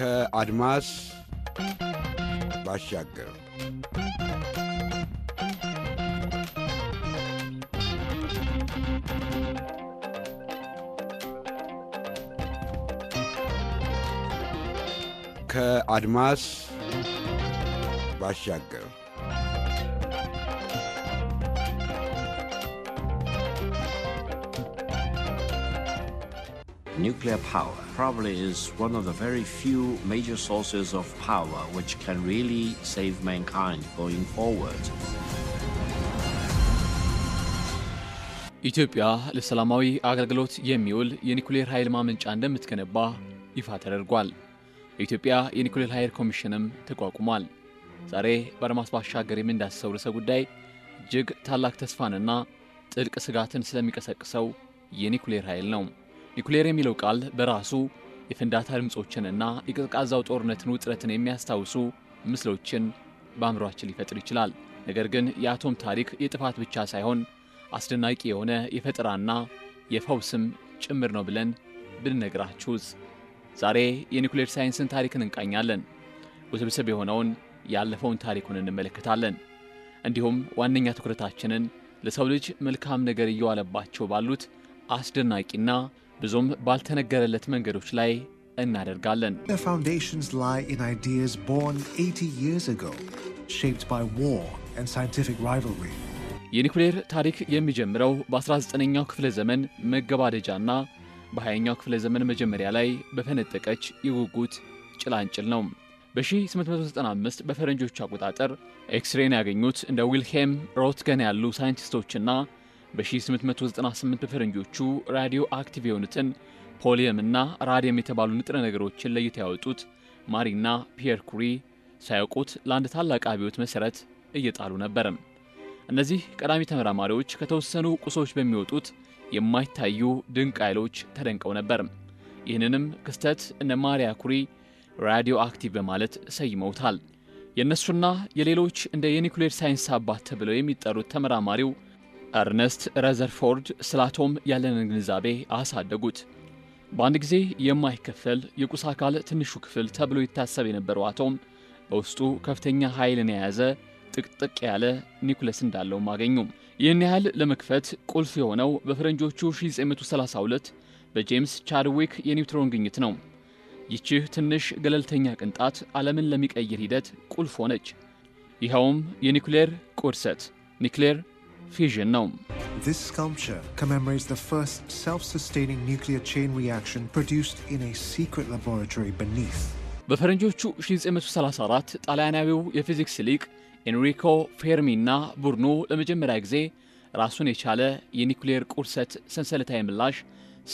ከአድማስ ባሻገር ከአድማስ ባሻገር nuclear power probably is one of the very few major sources of power which can really save mankind going forward. ኢትዮጵያ ለሰላማዊ አገልግሎት የሚውል የኒኩሌር ኃይል ማመንጫ እንደምትገነባ ይፋ ተደርጓል። የኢትዮጵያ የኒኩሌር ኃይል ኮሚሽንም ተቋቁሟል። ዛሬ በአድማስ ባሻገር የምንዳስሰው ርዕሰ ጉዳይ እጅግ ታላቅ ተስፋንና ጥልቅ ስጋትን ስለሚቀሰቅሰው የኒኩሌር ኃይል ነው። ኒኩሌር የሚለው ቃል በራሱ የፍንዳታ ድምፆችንና የቀዝቃዛው ጦርነትን ውጥረትን የሚያስታውሱ ምስሎችን በአእምሯችን ሊፈጥር ይችላል። ነገር ግን የአቶም ታሪክ የጥፋት ብቻ ሳይሆን አስደናቂ የሆነ የፈጠራና የፈውስም ጭምር ነው ብለን ብንነግራችሁስ? ዛሬ የኒኩሌር ሳይንስን ታሪክን እንቃኛለን። ውስብስብ የሆነውን ያለፈውን ታሪኩን እንመለከታለን። እንዲሁም ዋነኛ ትኩረታችንን ለሰው ልጅ መልካም ነገር እየዋለባቸው ባሉት አስደናቂና ብዙም ባልተነገረለት መንገዶች ላይ እናደርጋለን። የኒኩሌር ታሪክ የሚጀምረው በ19ኛው ክፍለ ዘመን መገባደጃና በ20ኛው ክፍለ ዘመን መጀመሪያ ላይ በፈነጠቀች የጉጉት ጭላንጭል ነው። በ1895 በፈረንጆች አቆጣጠር ኤክስሬን ያገኙት እንደ ዊልሄም ሮትገን ያሉ ሳይንቲስቶችና በ1898 በፈረንጆቹ ራዲዮ አክቲቭ የሆኑትን ፖሊየም እና ራዲየም የተባሉ ንጥረ ነገሮችን ለይተው ያወጡት ማሪና ፒየር ኩሪ ሳያውቁት ለአንድ ታላቅ አብዮት መሠረት እየጣሉ ነበርም። እነዚህ ቀዳሚ ተመራማሪዎች ከተወሰኑ ቁሶች በሚወጡት የማይታዩ ድንቅ ኃይሎች ተደንቀው ነበር። ይህንንም ክስተት እነ ማሪያ ኩሪ ራዲዮ አክቲቭ በማለት ሰይመውታል። የእነሱና የሌሎች እንደ የኒኩሌር ሳይንስ አባት ተብለው የሚጠሩት ተመራማሪው ኤርነስት ረዘርፎርድ ስለ አቶም ያለንን ግንዛቤ አሳደጉት። በአንድ ጊዜ የማይከፈል የቁስ አካል ትንሹ ክፍል ተብሎ ይታሰብ የነበረው አቶም በውስጡ ከፍተኛ ኃይልን የያዘ ጥቅጥቅ ያለ ኒኩለስ እንዳለውም አገኙ። ይህን ያህል ለመክፈት ቁልፍ የሆነው በፈረንጆቹ 1932 በጄምስ ቻድዊክ የኒውትሮን ግኝት ነው። ይችህ ትንሽ ገለልተኛ ቅንጣት ዓለምን ለሚቀይር ሂደት ቁልፍ ሆነች። ይኸውም የኒኩሌር ቁርሰት ኒክሌር ፊዥን ነው። This sculpture commemorates the first self-sustaining nuclear chain reaction produced in a secret laboratory beneath በፈረንጆቹ 1934 ጣሊያናዊው የፊዚክስ ሊቅ ኤንሪኮ ፌርሚ እና ቡርኖ ለመጀመሪያ ጊዜ ራሱን የቻለ የኒኩሌር ቁርሰት ሰንሰለታዊ ምላሽ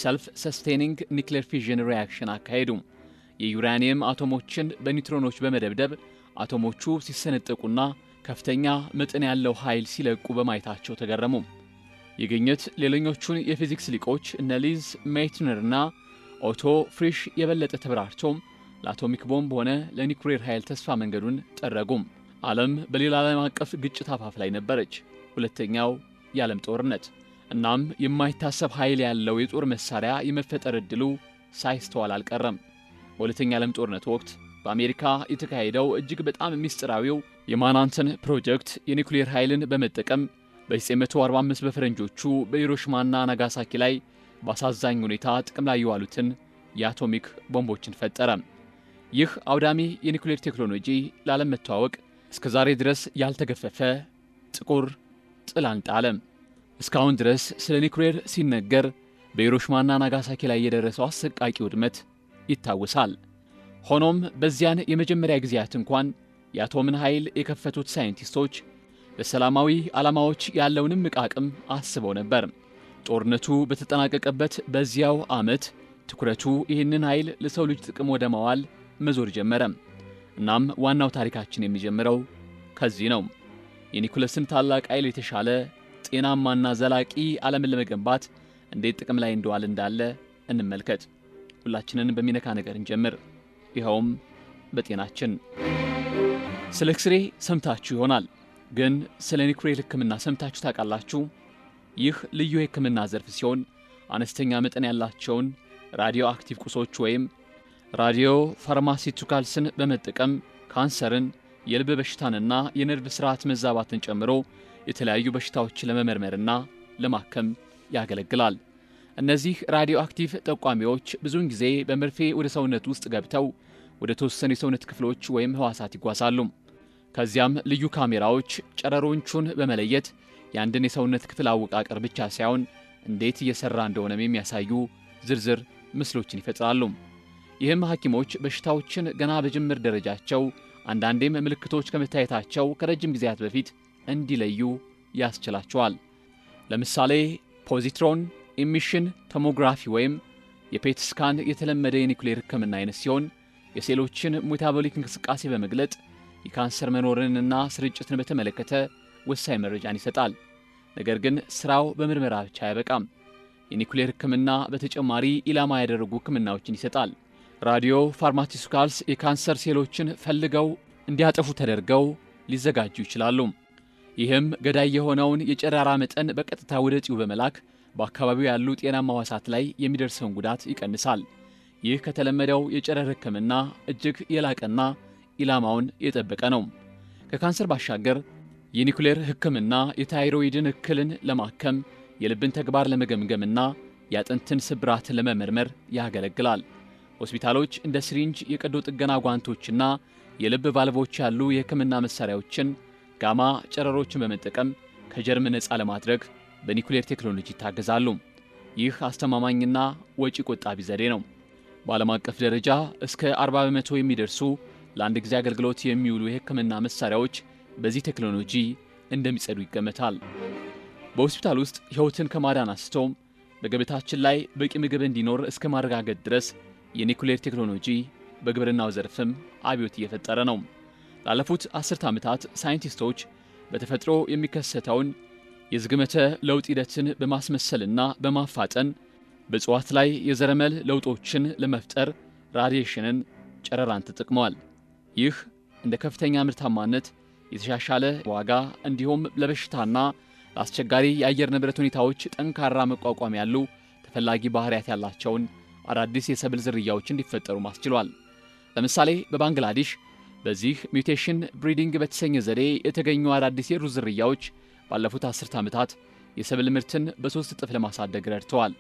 ሰልፍ ሰስቴኒንግ ኒክሌር ፊዥን ሪያክሽን አካሄዱ። የዩራኒየም አቶሞችን በኒውትሮኖች በመደብደብ አቶሞቹ ሲሰነጠቁና ከፍተኛ መጠን ያለው ኃይል ሲለቁ በማየታቸው ተገረሙ። ይህ ግኝት ሌሎኞቹን የፊዚክስ ሊቆች እነ ሊዝ ሜይትነርና ኦቶ ፍሪሽ የበለጠ ተብራርቶ ለአቶሚክ ቦምብ ሆነ ለኒኩሌር ኃይል ተስፋ መንገዱን ጠረጉም። ዓለም በሌላ ዓለም አቀፍ ግጭት አፋፍ ላይ ነበረች፣ ሁለተኛው የዓለም ጦርነት። እናም የማይታሰብ ኃይል ያለው የጦር መሳሪያ የመፈጠር ዕድሉ ሳይስተዋል አልቀረም። በሁለተኛ ዓለም ጦርነት ወቅት በአሜሪካ የተካሄደው እጅግ በጣም ምስጢራዊው የማናንተን ፕሮጀክት የኒኩሌር ኃይልን በመጠቀም በ945 በፈረንጆቹ በሂሮሽማና ናጋሳኪ ላይ በአሳዛኝ ሁኔታ ጥቅም ላይ የዋሉትን የአቶሚክ ቦምቦችን ፈጠረ። ይህ አውዳሚ የኒኩሌር ቴክኖሎጂ ለዓለም መተዋወቅ እስከ ዛሬ ድረስ ያልተገፈፈ ጥቁር ጥላን ጣለ። እስካሁን ድረስ ስለ ኒኩሌር ሲነገር በሂሮሽማና ናጋሳኪ ላይ የደረሰው አሰቃቂ ውድመት ይታወሳል። ሆኖም በዚያን የመጀመሪያ ጊዜያት እንኳን የአቶምን ኃይል የከፈቱት ሳይንቲስቶች ለሰላማዊ ዓላማዎች ያለውንም አቅም አስበው ነበር። ጦርነቱ በተጠናቀቀበት በዚያው ዓመት ትኩረቱ ይህንን ኃይል ለሰው ልጅ ጥቅም ወደ ማዋል መዞር ጀመረ። እናም ዋናው ታሪካችን የሚጀምረው ከዚህ ነው። የኒኮለስን ታላቅ ኃይል የተሻለ ጤናማና ዘላቂ ዓለምን ለመገንባት እንዴት ጥቅም ላይ እንደዋል እንዳለ እንመልከት። ሁላችንን በሚነካ ነገር እንጀምር። ይኸውም በጤናችን። ስለ ኤክስሬ ሰምታችሁ ይሆናል። ግን ስለ ኒኩሌር ሕክምና ሰምታችሁ ታውቃላችሁ? ይህ ልዩ የሕክምና ዘርፍ ሲሆን አነስተኛ መጠን ያላቸውን ራዲዮ አክቲቭ ቁሶች ወይም ራዲዮ ፋርማሲቱካልስን በመጠቀም ካንሰርን፣ የልብ በሽታንና የነርቭ ስርዓት መዛባትን ጨምሮ የተለያዩ በሽታዎችን ለመመርመርና ለማከም ያገለግላል። እነዚህ ራዲዮ አክቲቭ ጠቋሚዎች ብዙውን ጊዜ በመርፌ ወደ ሰውነት ውስጥ ገብተው ወደ ተወሰኑ የሰውነት ክፍሎች ወይም ህዋሳት ይጓዛሉ። ከዚያም ልዩ ካሜራዎች ጨረሮንቹን በመለየት የአንድን የሰውነት ክፍል አወቃቀር ብቻ ሳይሆን እንዴት እየሰራ እንደሆነም የሚያሳዩ ዝርዝር ምስሎችን ይፈጥራሉ። ይህም ሐኪሞች በሽታዎችን ገና በጅምር ደረጃቸው አንዳንዴም ምልክቶች ከመታየታቸው ከረጅም ጊዜያት በፊት እንዲለዩ ያስችላቸዋል። ለምሳሌ ፖዚትሮን ኢሚሽን ቶሞግራፊ ወይም የፔትስካን የተለመደ የኒኩሌር ሕክምና አይነት ሲሆን የሴሎችን ሜታቦሊክ እንቅስቃሴ በመግለጥ የካንሰር መኖርንና ስርጭትን በተመለከተ ወሳኝ መረጃን ይሰጣል። ነገር ግን ስራው በምርመራ ብቻ አያበቃም። የኒኩሌር ሕክምና በተጨማሪ ኢላማ ያደረጉ ሕክምናዎችን ይሰጣል። ራዲዮ ፋርማቲሱካልስ የካንሰር ሴሎችን ፈልገው እንዲያጠፉ ተደርገው ሊዘጋጁ ይችላሉ። ይህም ገዳይ የሆነውን የጨራራ መጠን በቀጥታ ወደ እጢው በመላክ በአካባቢው ያሉ ጤናማ ህዋሳት ላይ የሚደርሰውን ጉዳት ይቀንሳል። ይህ ከተለመደው የጨረር ሕክምና እጅግ የላቀና ኢላማውን የጠበቀ ነው። ከካንሰር ባሻገር የኒኩሌር ሕክምና የታይሮይድን እክልን ለማከም የልብን ተግባር ለመገምገምና የአጥንትን ስብራት ለመመርመር ያገለግላል። ሆስፒታሎች እንደ ስሪንጅ፣ የቀዶ ጥገና ጓንቶችና የልብ ቫልቮች ያሉ የሕክምና መሣሪያዎችን ጋማ ጨረሮችን በመጠቀም ከጀርም ነፃ ለማድረግ በኒኩሌር ቴክኖሎጂ ይታገዛሉ። ይህ አስተማማኝና ወጪ ቆጣቢ ዘዴ ነው። በዓለም አቀፍ ደረጃ እስከ 40 በመቶ የሚደርሱ ለአንድ ጊዜ አገልግሎት የሚውሉ የሕክምና መሳሪያዎች በዚህ ቴክኖሎጂ እንደሚጸዱ ይገመታል። በሆስፒታል ውስጥ ሕይወትን ከማዳን አንስቶ በገበታችን ላይ በቂ ምግብ እንዲኖር እስከ ማረጋገጥ ድረስ የኒኩሌር ቴክኖሎጂ በግብርናው ዘርፍም አብዮት እየፈጠረ ነው። ላለፉት አስርተ ዓመታት ሳይንቲስቶች በተፈጥሮ የሚከሰተውን የዝግመተ ለውጥ ሂደትን በማስመሰልና በማፋጠን በእጽዋት ላይ የዘረመል ለውጦችን ለመፍጠር ራዲዬሽንን፣ ጨረራን ተጠቅመዋል። ይህ እንደ ከፍተኛ ምርታማነት፣ የተሻሻለ ዋጋ እንዲሁም ለበሽታና ለአስቸጋሪ የአየር ንብረት ሁኔታዎች ጠንካራ መቋቋም ያሉ ተፈላጊ ባህሪያት ያላቸውን አዳዲስ የሰብል ዝርያዎች እንዲፈጠሩ ማስችሏል። ለምሳሌ በባንግላዴሽ በዚህ ሚውቴሽን ብሪዲንግ በተሰኘ ዘዴ የተገኙ አዳዲስ የሩዝ ዝርያዎች ባለፉት አስርት ዓመታት የሰብል ምርትን በሦስት እጥፍ ለማሳደግ ረድተዋል።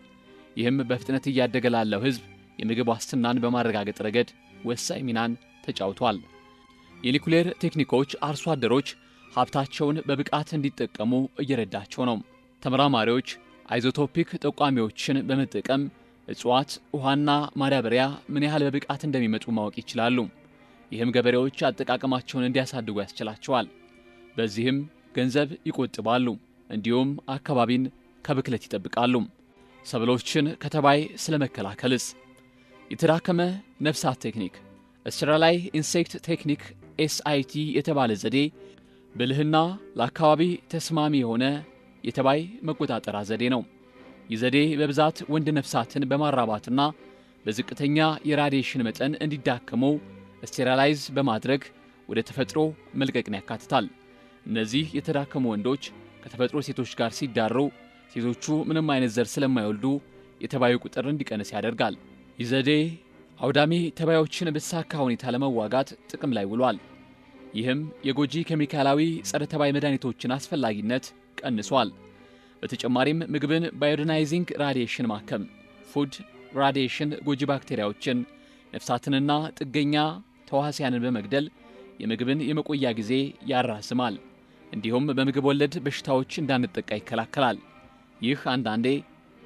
ይህም በፍጥነት እያደገ ላለው ሕዝብ የምግብ ዋስትናን በማረጋገጥ ረገድ ወሳኝ ሚናን ተጫውቷል። የኒኩሌር ቴክኒኮች አርሶ አደሮች ሀብታቸውን በብቃት እንዲጠቀሙ እየረዳቸው ነው። ተመራማሪዎች አይዞቶፒክ ጠቋሚዎችን በመጠቀም እጽዋት፣ ውሃና ማዳበሪያ ምን ያህል በብቃት እንደሚመጡ ማወቅ ይችላሉ። ይህም ገበሬዎች አጠቃቀማቸውን እንዲያሳድጉ ያስችላቸዋል። በዚህም ገንዘብ ይቆጥባሉ፣ እንዲሁም አካባቢን ከብክለት ይጠብቃሉ። ሰብሎችን ከተባይ ስለመከላከልስ የተዳከመ ነፍሳት ቴክኒክ እስራላይ ኢንሴክት ቴክኒክ ኤስአይቲ የተባለ ዘዴ ብልህና ለአካባቢ ተስማሚ የሆነ የተባይ መቆጣጠሪያ ዘዴ ነው። ይህ ዘዴ በብዛት ወንድ ነፍሳትን በማራባትና በዝቅተኛ የራዲሽን መጠን እንዲዳከሙ ስቴራላይዝ በማድረግ ወደ ተፈጥሮ መልቀቅን ያካትታል። እነዚህ የተዳከሙ ወንዶች ከተፈጥሮ ሴቶች ጋር ሲዳሩ ሴቶቹ ምንም አይነት ዘር ስለማይወልዱ የተባዩ ቁጥር እንዲቀንስ ያደርጋል። ይህ ዘዴ አውዳሚ ተባዮችን በተሳካ ሁኔታ ለመዋጋት ጥቅም ላይ ውሏል። ይህም የጎጂ ኬሚካላዊ ጸረ ተባይ መድኃኒቶችን አስፈላጊነት ቀንሷል። በተጨማሪም ምግብን ባዮዲናይዚንግ ራዲሽን ማከም፣ ፉድ ራዲሽን ጎጂ ባክቴሪያዎችን ነፍሳትንና ጥገኛ ተዋሲያንን በመግደል የምግብን የመቆያ ጊዜ ያራዝማል። እንዲሁም በምግብ ወለድ በሽታዎች እንዳንጠቃ ይከላከላል። ይህ አንዳንዴ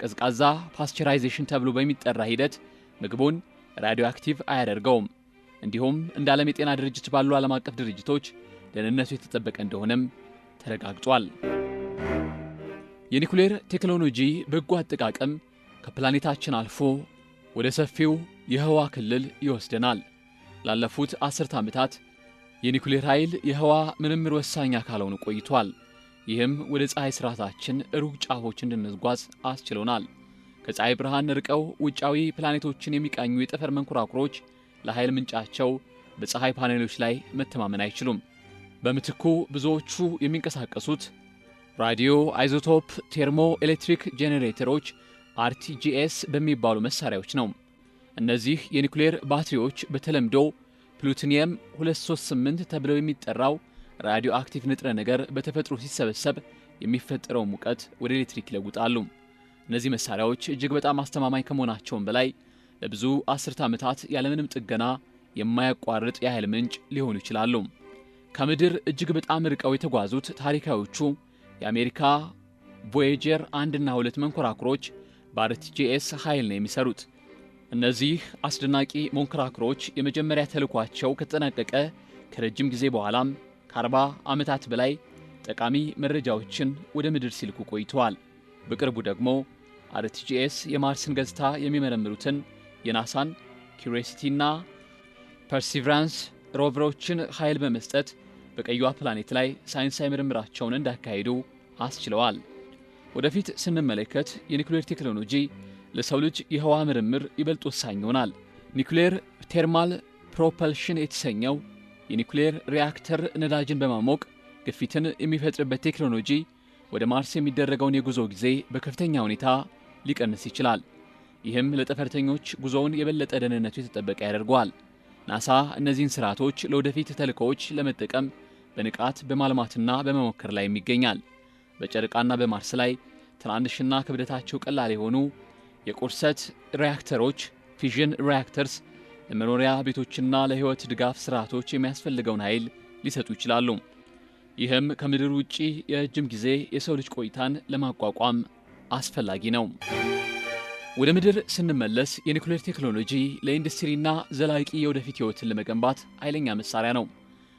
ቀዝቃዛ ፓስቸራይዜሽን ተብሎ በሚጠራ ሂደት ምግቡን ራዲዮ አክቲቭ አያደርገውም። እንዲሁም እንደ ዓለም የጤና ድርጅት ባሉ ዓለም አቀፍ ድርጅቶች ደህንነቱ የተጠበቀ እንደሆነም ተረጋግጧል። የኒኩሌር ቴክኖሎጂ በጎ አጠቃቀም ከፕላኔታችን አልፎ ወደ ሰፊው የህዋ ክልል ይወስደናል። ላለፉት አስርተ ዓመታት የኒኩሌር ኃይል የህዋ ምርምር ወሳኝ አካል ሆኖ ቆይቷል። ይህም ወደ ፀሐይ ስርዓታችን ሩቅ ጫፎች እንድንጓዝ አስችሎናል። ከፀሐይ ብርሃን ርቀው ውጫዊ ፕላኔቶችን የሚቃኙ የጠፈር መንኮራኩሮች ለኃይል ምንጫቸው በፀሐይ ፓኔሎች ላይ መተማመን አይችሉም። በምትኩ ብዙዎቹ የሚንቀሳቀሱት ራዲዮ አይዞቶፕ ቴርሞ ኤሌክትሪክ ጄኔሬተሮች አርቲጂኤስ በሚባሉ መሳሪያዎች ነው። እነዚህ የኒኩሌር ባትሪዎች በተለምዶ ፕሉቶኒየም 238 ተብለው የሚጠራው ራዲዮ አክቲቭ ንጥረ ነገር በተፈጥሮ ሲሰበሰብ የሚፈጠረው ሙቀት ወደ ኤሌክትሪክ ይለውጣሉ። እነዚህ መሳሪያዎች እጅግ በጣም አስተማማኝ ከመሆናቸውም በላይ ለብዙ አስርተ ዓመታት ያለምንም ጥገና የማያቋርጥ የኃይል ምንጭ ሊሆኑ ይችላሉ። ከምድር እጅግ በጣም ርቀው የተጓዙት ታሪካዎቹ የአሜሪካ ቮዬጀር አንድና ሁለት መንኮራኩሮች በአርቲጂኤስ ኃይል ነው የሚሰሩት። እነዚህ አስደናቂ መንኮራኩሮች የመጀመሪያ ተልኳቸው ከተጠናቀቀ ከረጅም ጊዜ በኋላም ከ40 ዓመታት በላይ ጠቃሚ መረጃዎችን ወደ ምድር ሲልኩ ቆይተዋል። በቅርቡ ደግሞ አርቲጂኤስ የማርስን ገጽታ የሚመረምሩትን የናሳን ኪሪዮሲቲና ፐርሲቨራንስ ሮቨሮችን ኃይል በመስጠት በቀዩዋ ፕላኔት ላይ ሳይንሳዊ ምርምራቸውን እንዳካሄዱ አስችለዋል። ወደፊት ስንመለከት የኒኩሌር ቴክኖሎጂ ለሰው ልጅ የህዋ ምርምር ይበልጥ ወሳኝ ይሆናል። ኒኩሌር ቴርማል ፕሮፐልሽን የተሰኘው የኒኩሌር ሪያክተር ነዳጅን በማሞቅ ግፊትን የሚፈጥርበት ቴክኖሎጂ ወደ ማርስ የሚደረገውን የጉዞ ጊዜ በከፍተኛ ሁኔታ ሊቀንስ ይችላል። ይህም ለጠፈርተኞች ጉዞውን የበለጠ ደህንነቱ የተጠበቀ ያደርገዋል። ናሳ እነዚህን ስርዓቶች ለወደፊት ተልእኮዎች ለመጠቀም በንቃት በማልማትና በመሞከር ላይም ይገኛል። በጨረቃና በማርስ ላይ ትናንሽና ክብደታቸው ቀላል የሆኑ የቁርሰት ሪያክተሮች ፊዥን ሪያክተርስ ለመኖሪያ ቤቶችና ለሕይወት ድጋፍ ስርዓቶች የሚያስፈልገውን ኃይል ሊሰጡ ይችላሉ። ይህም ከምድር ውጪ የረጅም ጊዜ የሰው ልጅ ቆይታን ለማቋቋም አስፈላጊ ነው። ወደ ምድር ስንመለስ የኒኩሌር ቴክኖሎጂ ለኢንዱስትሪና ዘላቂ የወደፊት ሕይወትን ለመገንባት ኃይለኛ መሳሪያ ነው።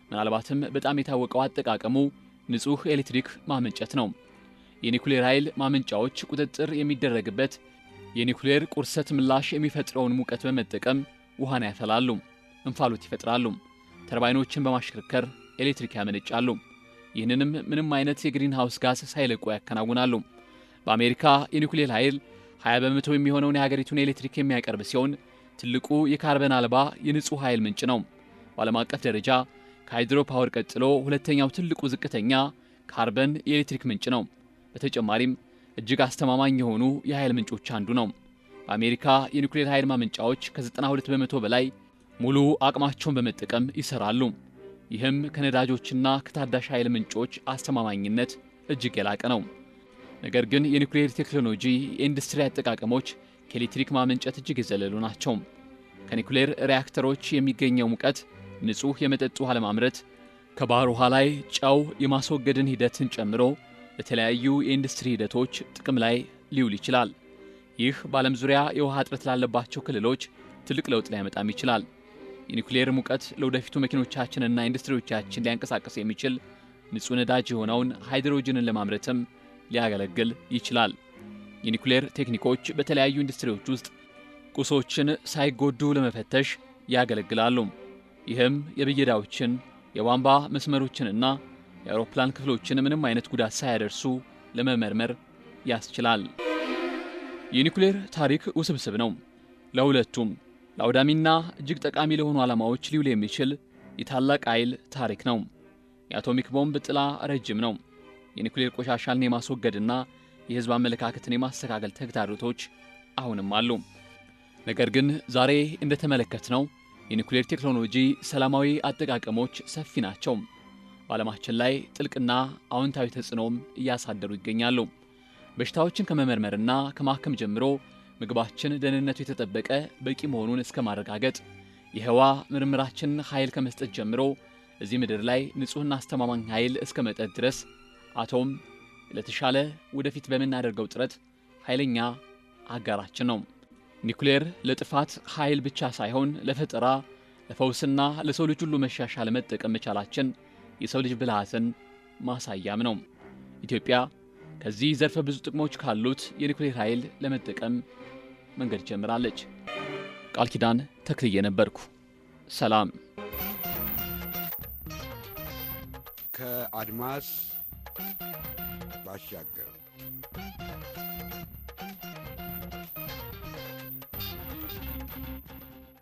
ምናልባትም በጣም የታወቀው አጠቃቀሙ ንጹሕ ኤሌክትሪክ ማመንጨት ነው። የኒኩሌር ኃይል ማመንጫዎች ቁጥጥር የሚደረግበት የኒኩሌር ቁርሰት ምላሽ የሚፈጥረውን ሙቀት በመጠቀም ውሃን ያፈላሉ፣ እንፋሎት ይፈጥራሉ፣ ተርባይኖችን በማሽከርከር ኤሌክትሪክ ያመነጫሉ። ይህንንም ምንም አይነት የግሪን ሃውስ ጋዝ ሳይለቁ ያከናውናሉ። በአሜሪካ የኒኩሌር ኃይል 20 በመቶ የሚሆነውን የሀገሪቱን ኤሌክትሪክ የሚያቀርብ ሲሆን ትልቁ የካርበን አልባ የንጹህ ኃይል ምንጭ ነው። በዓለም አቀፍ ደረጃ ከሃይድሮ ፓወር ቀጥሎ ሁለተኛው ትልቁ ዝቅተኛ ካርበን የኤሌክትሪክ ምንጭ ነው። በተጨማሪም እጅግ አስተማማኝ የሆኑ የኃይል ምንጮች አንዱ ነው። በአሜሪካ የኒውክሌር ኃይል ማመንጫዎች ከ92 በመቶ በላይ ሙሉ አቅማቸውን በመጠቀም ይሰራሉ። ይህም ከነዳጆችና ከታዳሽ ኃይል ምንጮች አስተማማኝነት እጅግ የላቀ ነው። ነገር ግን የኒውክሌር ቴክኖሎጂ የኢንዱስትሪ አጠቃቀሞች ከኤሌክትሪክ ማመንጨት እጅግ የዘለሉ ናቸው። ከኒውክሌር ሪያክተሮች የሚገኘው ሙቀት ንጹሕ የመጠጥ ውሃ ለማምረት ከባህር ውሃ ላይ ጨው የማስወገድን ሂደትን ጨምሮ በተለያዩ የኢንዱስትሪ ሂደቶች ጥቅም ላይ ሊውል ይችላል። ይህ በዓለም ዙሪያ የውሃ እጥረት ላለባቸው ክልሎች ትልቅ ለውጥ ሊያመጣም ይችላል። የኒኩሌር ሙቀት ለወደፊቱ መኪኖቻችንና ኢንዱስትሪዎቻችን ሊያንቀሳቀስ የሚችል ንጹህ ነዳጅ የሆነውን ሃይድሮጅንን ለማምረትም ሊያገለግል ይችላል። የኒኩሌር ቴክኒኮች በተለያዩ ኢንዱስትሪዎች ውስጥ ቁሶችን ሳይጎዱ ለመፈተሽ ያገለግላሉ። ይህም የብየዳዎችን፣ የቧንቧ መስመሮችንና የአውሮፕላን ክፍሎችን ምንም አይነት ጉዳት ሳያደርሱ ለመመርመር ያስችላል። የኒኩሌር ታሪክ ውስብስብ ነው። ለሁለቱም ለአውዳሚና እጅግ ጠቃሚ ለሆኑ ዓላማዎች ሊውል የሚችል የታላቅ ኃይል ታሪክ ነው። የአቶሚክ ቦምብ ጥላ ረጅም ነው። የኒኩሌር ቆሻሻን የማስወገድና የህዝብ አመለካከትን የማስተካከል ተግዳሮቶች አሁንም አሉ። ነገር ግን ዛሬ እንደተመለከትነው የኒኩሌር ቴክኖሎጂ ሰላማዊ አጠቃቀሞች ሰፊ ናቸው። በዓለማችን ላይ ጥልቅና አዎንታዊ ተጽዕኖም እያሳደሩ ይገኛሉ። በሽታዎችን ከመመርመርና ከማከም ጀምሮ ምግባችን ደህንነቱ የተጠበቀ በቂ መሆኑን እስከ ማረጋገጥ የህዋ ምርምራችን ኃይል ከመስጠት ጀምሮ እዚህ ምድር ላይ ንጹሕና አስተማማኝ ኃይል እስከ መጠጥ ድረስ አቶም ለተሻለ ወደፊት በምናደርገው ጥረት ኃይለኛ አጋራችን ነው። ኒኩሌር ለጥፋት ኃይል ብቻ ሳይሆን ለፈጠራ፣ ለፈውስና ለሰው ልጅ ሁሉ መሻሻል መጠቀም መቻላችን የሰው ልጅ ብልሃትን ማሳያም ነው። ኢትዮጵያ ከዚህ ዘርፈ ብዙ ጥቅሞች ካሉት የኒኩሌር ኃይል ለመጠቀም መንገድ ጀምራለች። ቃል ኪዳን ተክልዬ ነበርኩ። ሰላም። ከአድማስ ባሻገር